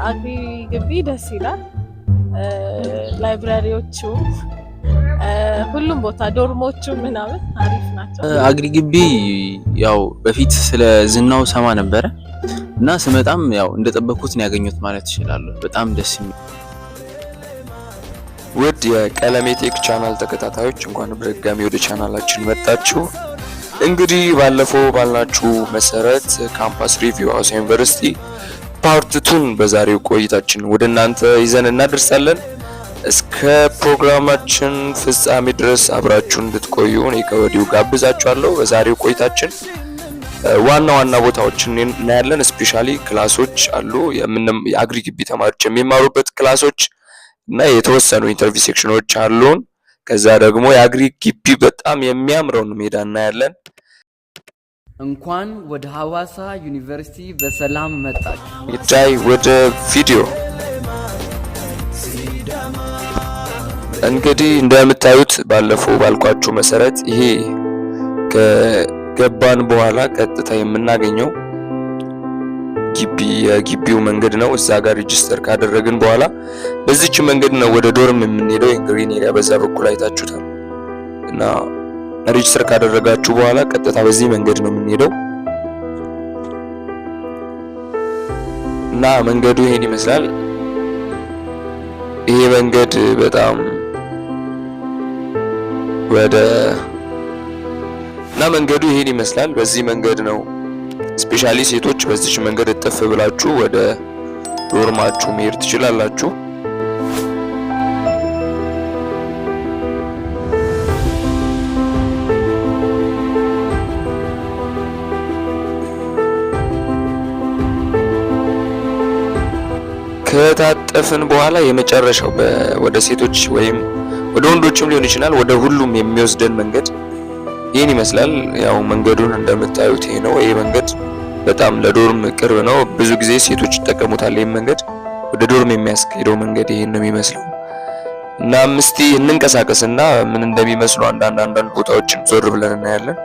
የአግሪ ግቢ ደስ ይላል። ላይብራሪዎቹ፣ ሁሉም ቦታ ዶርሞቹ ምናምን አሪፍ ናቸው። አግሪ ግቢ ያው በፊት ስለ ዝናው ሰማ ነበረ እና ስመጣም ያው እንደጠበኩት ያገኙት ማለት እችላለሁ። በጣም ደስ የሚል ውድ የቀለሜ ቴክ ቻናል ተከታታዮች እንኳን በድጋሚ ወደ ቻናላችን መጣችሁ። እንግዲህ ባለፈው ባልናችሁ መሰረት ካምፓስ ሪቪው ሀዋሳ ዩኒቨርሲቲ ፓርትቱን በዛሬው ቆይታችን ወደ እናንተ ይዘን እናደርሳለን። እስከ ፕሮግራማችን ፍጻሜ ድረስ አብራችሁን እንድትቆዩ እኔ ከወዲሁ ጋብዛችኋለሁ። በዛሬው ቆይታችን ዋና ዋና ቦታዎችን እናያለን። ስፔሻሊ ክላሶች አሉ፣ የአግሪ ግቢ ተማሪዎች የሚማሩበት ክላሶች እና የተወሰኑ ኢንተርቪው ሴክሽኖች አሉን። ከዛ ደግሞ የአግሪ ግቢ በጣም የሚያምረውን ሜዳ እናያለን። እንኳን ወደ ሐዋሳ ዩኒቨርሲቲ በሰላም መጣችሁ። ይታይ ወደ ቪዲዮ እንግዲህ እንደምታዩት ባለፈው ባልኳችሁ መሰረት ይሄ ከገባን በኋላ ቀጥታ የምናገኘው ግቢ የግቢው መንገድ ነው። እዛ ጋር ሬጅስተር ካደረግን በኋላ በዚች መንገድ ነው ወደ ዶርም የምንሄደው። ግሪን ኤሪያ በዛ በኩል አይታችሁታል እና ሬጅስተር ካደረጋችሁ በኋላ ቀጥታ በዚህ መንገድ ነው የምንሄደው እና መንገዱ ይሄን ይመስላል። ይሄ መንገድ በጣም ወደ እና መንገዱ ይሄን ይመስላል። በዚህ መንገድ ነው ስፔሻሊ ሴቶች በዚች መንገድ እጥፍ ብላችሁ ወደ ዶርማችሁ መሄድ ትችላላችሁ። ከታጠፍን በኋላ የመጨረሻው ወደ ሴቶች ወይም ወደ ወንዶችም ሊሆን ይችላል ወደ ሁሉም የሚወስደን መንገድ ይህን ይመስላል። ያው መንገዱን እንደምታዩት ይሄ ነው። ይሄ መንገድ በጣም ለዶርም ቅርብ ነው። ብዙ ጊዜ ሴቶች ይጠቀሙታል። ይህን መንገድ ወደ ዶርም የሚያስኬደው መንገድ ይሄን ነው የሚመስለው እና እስቲ እንንቀሳቀስና ምን እንደሚመስሉ አንዳንድ አንዳንድ ቦታዎችን ዞር ብለን እናያለን።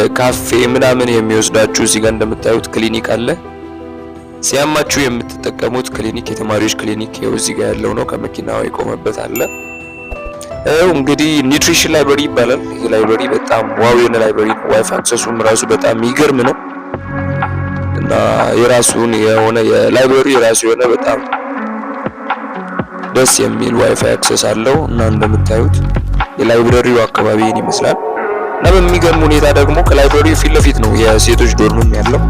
ወደ ካፌ ምናምን የሚወስዳችሁ እዚህ ጋር እንደምታዩት ክሊኒክ አለ። ሲያማችሁ የምትጠቀሙት ክሊኒክ የተማሪዎች ክሊኒክ ይኸው እዚህ ጋር ያለው ነው። ከመኪናው የቆመበት አለ። እንግዲህ ኒውትሪሽን ላይብረሪ ይባላል። ይህ ላይብረሪ በጣም ዋው የሆነ ላይብረሪ ነው። ዋይፍ አክሰሱም ራሱ በጣም የሚገርም ነው እና የራሱን የሆነ የላይብረሪ የራሱ የሆነ በጣም ደስ የሚል ዋይፋይ አክሰስ አለው እና እንደምታዩት የላይብረሪው አካባቢን ይመስላል። እና በሚገርም ሁኔታ ደግሞ ከላይብረሪ ፊት ለፊት ነው የሴቶች ዶርምም ያለው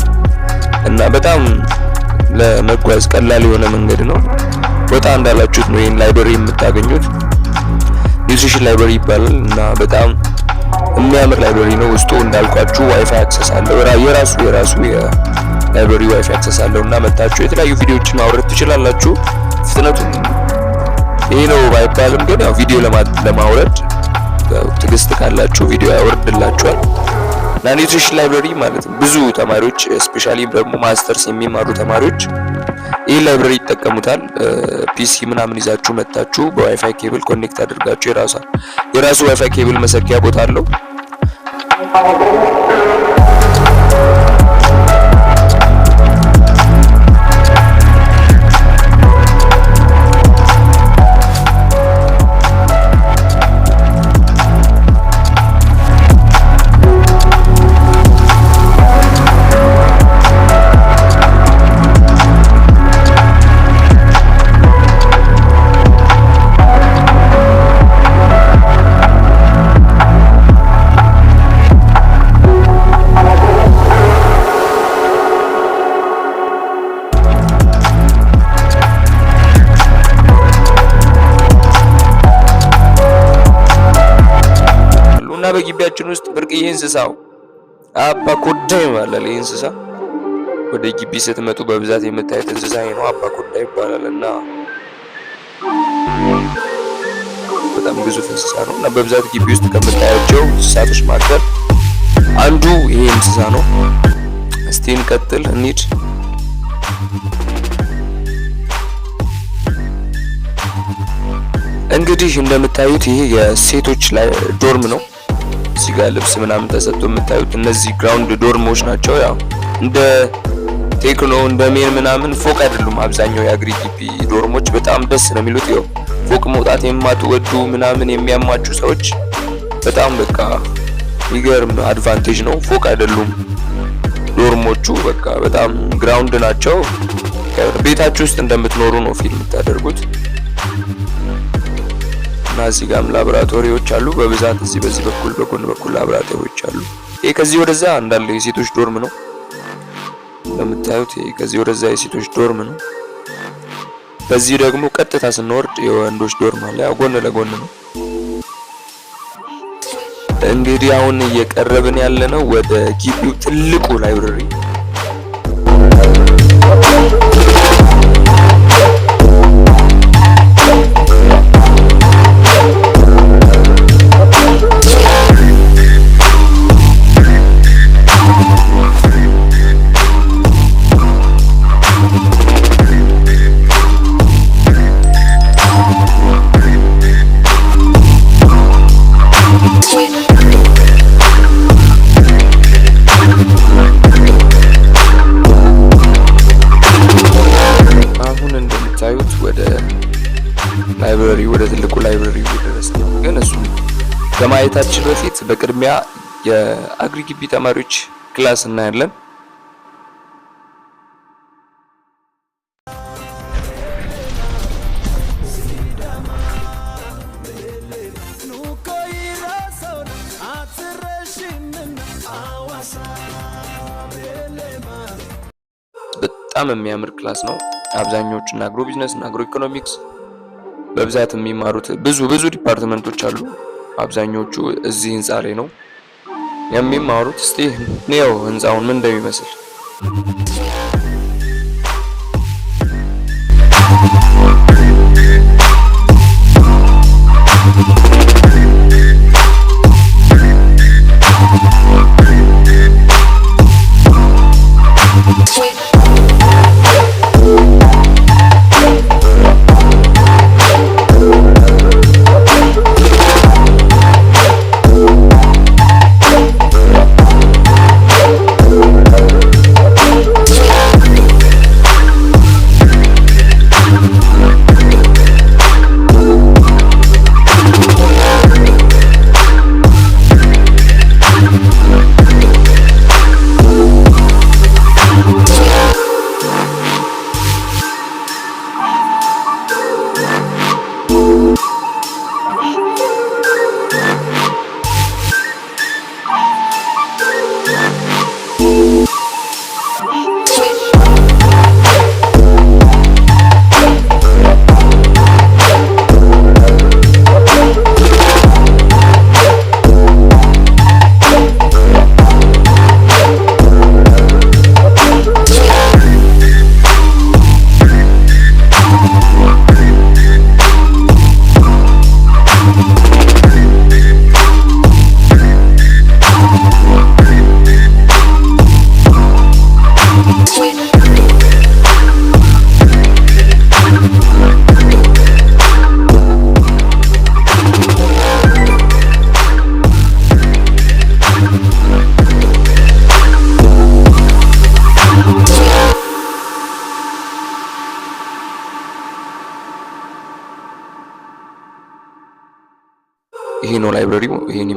እና በጣም ለመጓዝ ቀላል የሆነ መንገድ ነው። ወጣ እንዳላችሁት ነው ይህን የምታገኙት። ኒውትሪሽን ላይብረሪ ይባላል እና በጣም የሚያምር ላይብረሪ ነው። ውስጡ እንዳልኳችሁ ዋይፋይ አክሰስ አለው። የራሱ የራሱ የላይብረሪ ዋይፋይ አክሰስ አለው እና መታችሁ የተለያዩ ቪዲዮዎችን ማውረድ ትችላላችሁ። ፍጥነቱ ይሄ ነው ባይባልም ግን ቪዲዮ ለማውረድ ትግስት ካላችሁ ቪዲዮ ያወርድላችኋል። ናኑትሪሽን ላይብረሪ ማለት ነው። ብዙ ተማሪዎች ስፔሻሊ ደግሞ ማስተርስ የሚማሩ ተማሪዎች ይህ ላይብረሪ ይጠቀሙታል። ፒሲ ምናምን ይዛችሁ መታችሁ በዋይፋይ ኬብል ኮኔክት አድርጋችሁ የራሷ የራሱ ዋይፋይ ኬብል መሰኪያ ቦታ አለው። በሳጥን ውስጥ ብርቅዬ እንስሳው አባ ኮዳ ይባላል። ይህ እንስሳ ወደ ግቢ ስትመጡ በብዛት የምታዩት እንስሳ ነው። አባ ኮዳ ይባላል እና በጣም ግዙፍ እንስሳ ነው እና በብዛት ግቢ ውስጥ ከምታያቸው እንስሳቶች መካከል አንዱ ይሄ እንስሳ ነው። እስቲ እንቀጥል እንሂድ። እንግዲህ እንደምታዩት ይሄ የሴቶች ዶርም ነው። እዚህ ጋር ልብስ ምናምን ተሰጥቶ የምታዩት እነዚህ ግራውንድ ዶርሞች ናቸው። ያው እንደ ቴክኖ እንደ ሜን ምናምን ፎቅ አይደሉም። አብዛኛው የአግሪ ግቢ ዶርሞች በጣም ደስ ነው የሚሉት። ያው ፎቅ መውጣት የማትወዱ ምናምን የሚያማችሁ ሰዎች በጣም በቃ የሚገርም አድቫንቴጅ ነው። ፎቅ አይደሉም ዶርሞቹ፣ በቃ በጣም ግራውንድ ናቸው። ቤታችሁ ውስጥ እንደምትኖሩ ነው ፊል የምታደርጉት። እና እዚህ ጋም ላቦራቶሪዎች አሉ በብዛት እዚህ በዚህ በኩል በጎን በኩል ላቦራቶሪዎች አሉ። ይሄ ከዚህ ወደዛ እንዳለ የሴቶች ዶርም ነው እንደምታዩት። ይሄ ከዚህ ወደዛ የሴቶች ዶርም ነው። በዚህ ደግሞ ቀጥታ ስንወርድ የወንዶች ዶርም አለ። ያው ጎን ለጎን ነው። እንግዲህ አሁን እየቀረብን ያለ ነው ወደ ግቢው ትልቁ ላይብረሪ ቅድሚያ የአግሪ ግቢ ተማሪዎች ክላስ እናያለን። በጣም የሚያምር ክላስ ነው። እና አግሮ ቢዝነስ እና አግሮ ኢኮኖሚክስ በብዛት የሚማሩት ብዙ ብዙ ዲፓርትመንቶች አሉ። አብዛኞቹ እዚህ ህንፃ ላይ ነው የሚማሩት። እስቲ እንየው ህንፃውን ምን እንደሚመስል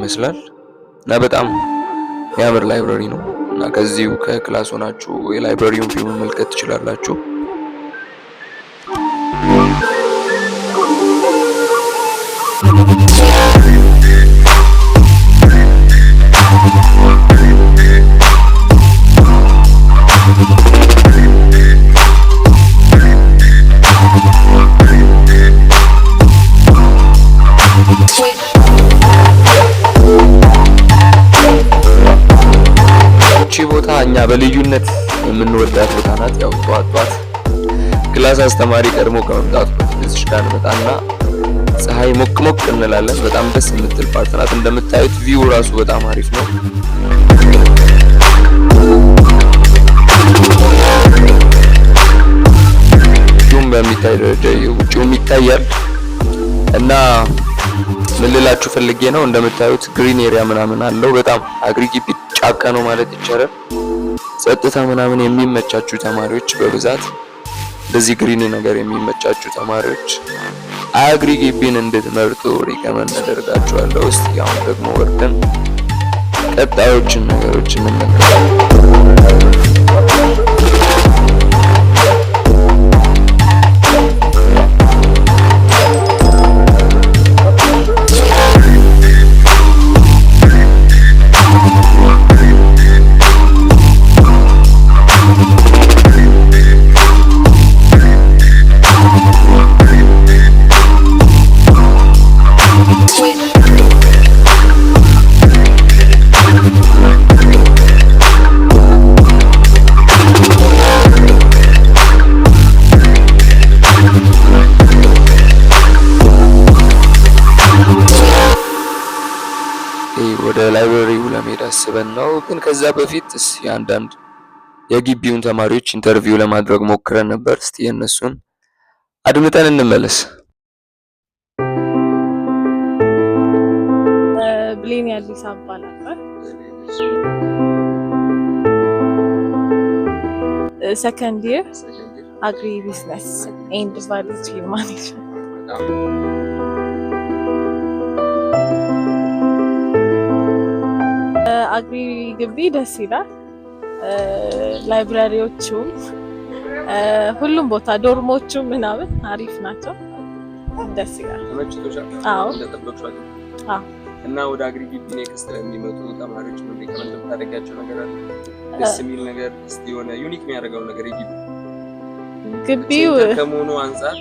ይመስላል እና በጣም የሚያምር ላይብረሪ ነው እና ከዚሁ ከክላስ ሆናችሁ የላይብረሪውን ፊልም መመልከት ትችላላችሁ። አስተማሪ ቀድሞ ከመምጣቱ በፊት እዚህ ጋር እንመጣና ፀሐይ ሞቅ ሞቅ እንላለን። በጣም ደስ የምትል ፓርት ናት። እንደምታዩት ቪው ራሱ በጣም አሪፍ ነው። በሚታይ ደረጃ ውጭውም ይታያል እና ምን ልላችሁ ፈልጌ ነው፣ እንደምታዩት ግሪን ኤሪያ ምናምን አለው። በጣም አግሪ ግቢ ጫካ ነው ማለት ይቻላል። ጸጥታ ምናምን የሚመቻችሁ ተማሪዎች በብዛት ለዚህ ግሪኒ ነገር የሚመቻችሁ ተማሪዎች አግሪ ግቢን እንድትመርጡ ሪከመንድ አደርጋችኋለሁ። እስቲ አሁን ደግሞ ወርደን ቀጣዮችን ነገሮች እንመለከታለን። ከዛ በፊት የአንዳንድ የግቢውን ተማሪዎች ኢንተርቪው ለማድረግ ሞክረን ነበር። እስቲ የእነሱን አድምጠን እንመለስ። ብሌን ያዲስ አበባ ነበር። ሰከንድ ይር አግሪ ቢዝነስ ኤንድ ቫሊዩ ማኔጅመንት አግሪ ግቢ ደስ ይላል። ላይብራሪዎቹም ሁሉም ቦታ ዶርሞቹም ምናምን አሪፍ ናቸው። ደስ ይላል። እና ወደ አግሪ ግቢ ኔክስት ለሚመጡ ተማሪዎች ምን ሪከመንድ ታደርጋቸው ነገር አለ? ደስ የሚል ነገር እስቲ የሆነ ዩኒክ የሚያደርገው ነገር ይግቢ ግቢው ከመሆኑ አንጻር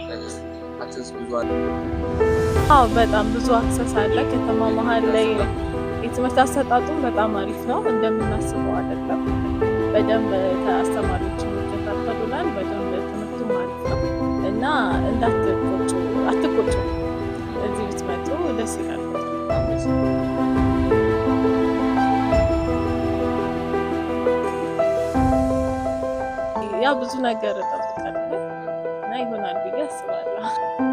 አክሰስ ብዙ አለ። አዎ በጣም ብዙ አክሰስ አለ ከተማ መሀል ላይ የትምህርት አሰጣጡ በጣም አሪፍ ነው። እንደምናስበው አይደለም። በደንብ አስተማሪዎች ይከታተሉናል። በደንብ ትምህርቱ ማለት ነው እና እንዳትቆጩ፣ አትቆጩ። እዚህ ብትመጡ ደስ ይላል። ያው ብዙ ነገር እጠብቃለሁ እና ይሆናል ብዬ አስባለሁ።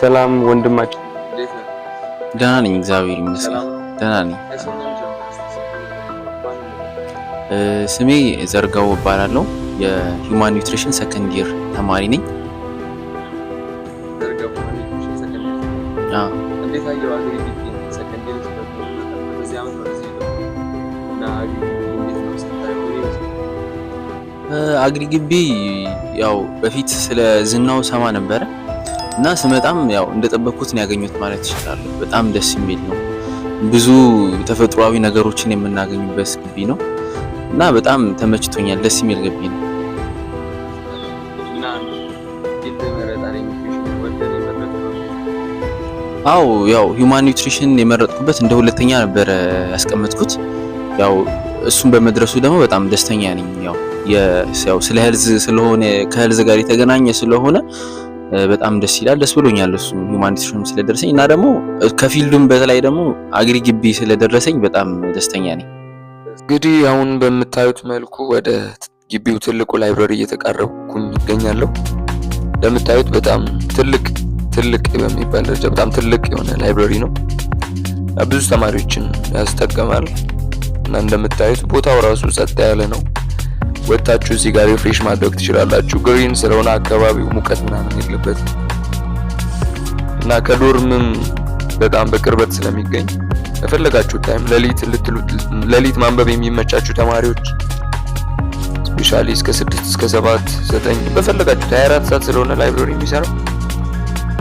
ሰላም ወንድማችን፣ ደህና ነኝ፣ እግዚአብሔር ይመስገን። ደህና ነኝ። ስሜ ዘርጋው እባላለሁ። የሂውማን ኒውትሪሽን ሰከንድ ይር ተማሪ ነኝ። አግሪ ግቢ ያው በፊት ስለ ዝናው ሰማ ነበረ እና ስመጣም ያው እንደጠበቅኩት ነው ያገኙት ማለት ይችላሉ። በጣም ደስ የሚል ነው። ብዙ ተፈጥሯዊ ነገሮችን የምናገኙበት ግቢ ነው እና በጣም ተመችቶኛል። ደስ የሚል ግቢ ነው። አው ያው ሂውማን ኒውትሪሽን የመረጥኩበት እንደ ሁለተኛ ነበረ ያስቀመጥኩት። ያው እሱን በመድረሱ ደግሞ በጣም ደስተኛ ነኝ። ያው ስለ ህልዝ ስለሆነ ከህልዝ ጋር የተገናኘ ስለሆነ በጣም ደስ ይላል። ደስ ብሎኛል እሱ ሁማኒቲሽንም ስለደረሰኝ እና ደግሞ ከፊልዱም በተለይ ደግሞ አግሪ ግቢ ስለደረሰኝ በጣም ደስተኛ ነኝ። እንግዲህ አሁን በምታዩት መልኩ ወደ ግቢው ትልቁ ላይብረሪ እየተቃረብኩኝ ይገኛለሁ። እንደምታዩት በጣም ትልቅ ትልቅ በሚባል ደረጃ በጣም ትልቅ የሆነ ላይብረሪ ነው። ብዙ ተማሪዎችን ያስጠቀማል እና እንደምታዩት ቦታው ራሱ ጸጥ ያለ ነው። ወጥታችሁ እዚህ ጋር ሪፍሬሽ ማድረግ ትችላላችሁ። ግሪን ስለሆነ አካባቢው ሙቀት ምናምን የለበትም እና ከዶርምም በጣም በቅርበት ስለሚገኝ የፈለጋችሁ ታይም ሌሊት ሌሊት ማንበብ የሚመቻችሁ ተማሪዎች ስፔሻሊ እስከ 6 እስከ 7 9 በፈለጋችሁ 24 ሰዓት ስለሆነ ላይብረሪ የሚሰራው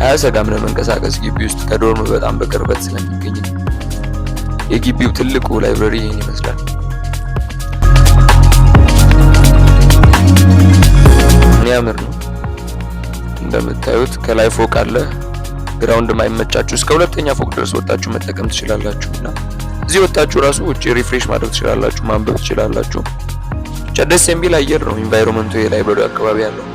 አያሰጋም ለመንቀሳቀስ ግቢ ውስጥ ከዶርም በጣም በቅርበት ስለሚገኝ የግቢው ትልቁ ላይብረሪ ይህን ይመስላል። የሚያምር ነው። እንደምታዩት ከላይ ፎቅ አለ። ግራውንድ ማይመቻችሁ እስከ ሁለተኛ ፎቅ ድረስ ወጣችሁ መጠቀም ትችላላችሁ እና እዚህ ወጣችሁ ራሱ ውጭ ሪፍሬሽ ማድረግ ትችላላችሁ፣ ማንበብ ትችላላችሁ። ብቻ ደስ የሚል አየር ነው። ኢንቫይሮንመንቱ የላይበሪ አካባቢ ያለው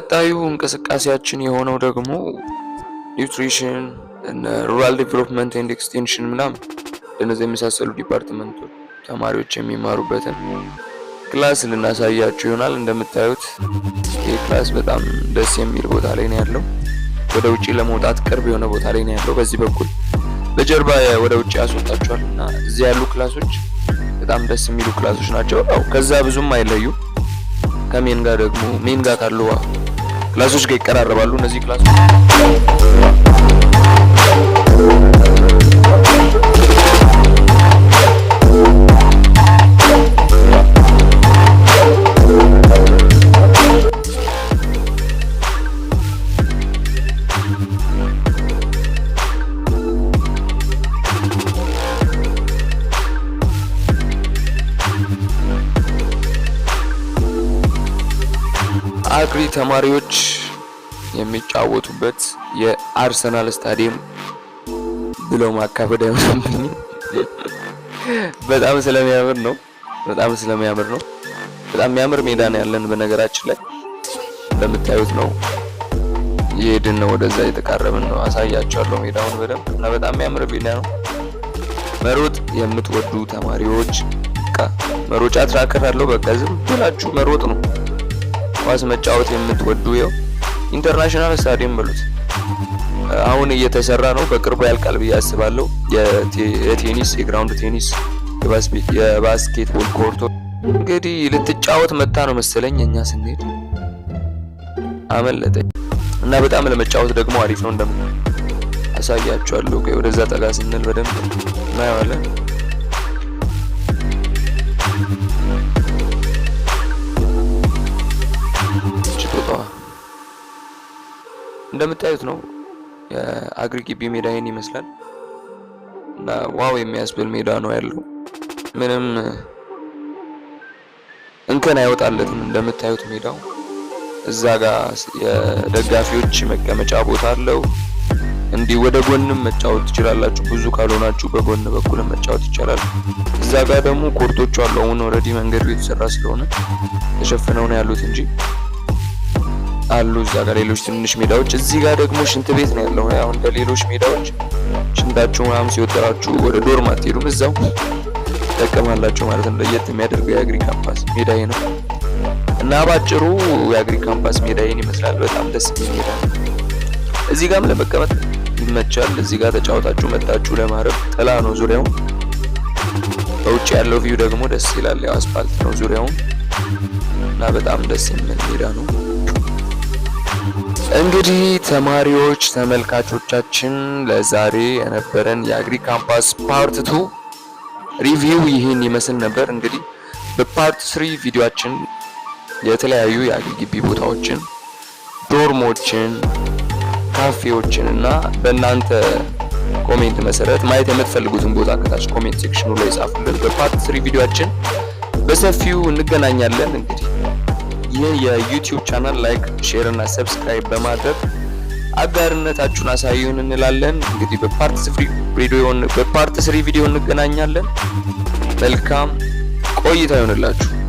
ቀጣዩ እንቅስቃሴያችን የሆነው ደግሞ ኒውትሪሽን፣ ሩራል ዲቨሎፕመንት ኤንድ ኤክስቴንሽን ምናምን እንደነዚህ የመሳሰሉ ዲፓርትመንቶች ተማሪዎች የሚማሩበትን ክላስ ልናሳያችሁ ይሆናል። እንደምታዩት ይህ ክላስ በጣም ደስ የሚል ቦታ ላይ ነው ያለው። ወደ ውጭ ለመውጣት ቅርብ የሆነ ቦታ ላይ ነው ያለው። በዚህ በኩል በጀርባ ወደ ውጭ ያስወጣቸዋል እና እዚህ ያሉ ክላሶች በጣም ደስ የሚሉ ክላሶች ናቸው። ያው ከዛ ብዙም አይለዩ ከሜን ጋር ደግሞ ሜን ጋር ካሉ ክላሶች ጋር ይቀራረባሉ እነዚህ ክላሶች ተማሪዎች የሚጫወቱበት የአርሰናል ስታዲየም ብሎ ማካፈድ አይሆንብኝም። በጣም ስለሚያምር ነው። በጣም ስለሚያምር ነው። በጣም የሚያምር ሜዳ ነው ያለን። በነገራችን ላይ እንደምታዩት ነው። የሄድን ነው፣ ወደዛ የተቃረብን ነው። አሳያቸዋለሁ ሜዳውን በደንብ እና በጣም የሚያምር ሜዳ ነው። መሮጥ የምትወዱ ተማሪዎች በቃ መሮጫ ትራከር አለው። በቃ ዝም ብላችሁ መሮጥ ነው። ኳስ መጫወት የምትወዱ ይኸው ኢንተርናሽናል ስታዲየም በሉት አሁን እየተሰራ ነው። በቅርቡ ያልቃል ብዬ አስባለሁ። የቴኒስ የግራውንድ ቴኒስ የባስኬትቦል ኮርቶ እንግዲህ ልትጫወት መታ ነው መሰለኝ። እኛ ስንሄድ አመለጠኝ እና በጣም ለመጫወት ደግሞ አሪፍ ነው። እንደምን አሳያችኋለሁ። ወደዛ ጠጋ ስንል በደንብ እናየዋለን። እንደምታዩት ነው። የአግሪ ግቢ ሜዳ ይህን ይመስላል እና ዋው የሚያስብል ሜዳ ነው ያለው። ምንም እንከን አይወጣለትም። እንደምታዩት ሜዳው እዛ ጋር የደጋፊዎች መቀመጫ ቦታ አለው። እንዲህ ወደ ጎንም መጫወት ትችላላችሁ። ብዙ ካልሆናችሁ በጎን በኩልም መጫወት ይቻላል። እዛ ጋር ደግሞ ኮርቶቹ አሉ። አሁን ኦልሬዲ መንገዱ የተሰራ ስለሆነ ተሸፍነው ነው ያሉት እንጂ አሉ እዛ ጋር ሌሎች ትንሽ ሜዳዎች፣ እዚህ ጋር ደግሞ ሽንት ቤት ነው ያለው። አሁን ለሌሎች ሜዳዎች ሽንታችሁ ምናምን ሲወጠራችሁ ወደ ዶርም አትሄዱም፣ እዛው ትጠቀማላችሁ ማለት ነው። ለየት የሚያደርገው የአግሪ ካምፓስ ሜዳዬ ነው እና ባጭሩ የአግሪ ካምፓስ ሜዳዬን ይመስላል። በጣም ደስ የሚል ሜዳ ነው። እዚህ ጋም ለመቀመጥ ይመቻል። እዚህ ጋር ተጫወታችሁ መጣችሁ ለማረፍ ጥላ ነው ዙሪያው። በውጭ ያለው ቪው ደግሞ ደስ ይላል። ያው አስፓልት ነው ዙሪያውን እና በጣም ደስ የሚል ሜዳ ነው። እንግዲህ ተማሪዎች ተመልካቾቻችን ለዛሬ የነበረን የአግሪ ካምፓስ ፓርት ቱ ሪቪው ይህን ይመስል ነበር። እንግዲህ በፓርት ስሪ ቪዲዮችን የተለያዩ የአግሪ ግቢ ቦታዎችን፣ ዶርሞችን፣ ካፌዎችን እና በእናንተ ኮሜንት መሰረት ማየት የምትፈልጉትን ቦታ ከታች ኮሜንት ሴክሽኑ ላይ ጻፉልን። በፓርት ስሪ ቪዲዮችን በሰፊው እንገናኛለን እንግዲህ ይህን የዩቲዩብ ቻናል ላይክ፣ ሼር እና ሰብስክራይብ በማድረግ አጋርነታችሁን አሳዩን እንላለን። እንግዲህ በፓርት ስሪ ቪዲዮ በፓርት ስሪ ቪዲዮ እንገናኛለን። መልካም ቆይታ ይሆንላችሁ።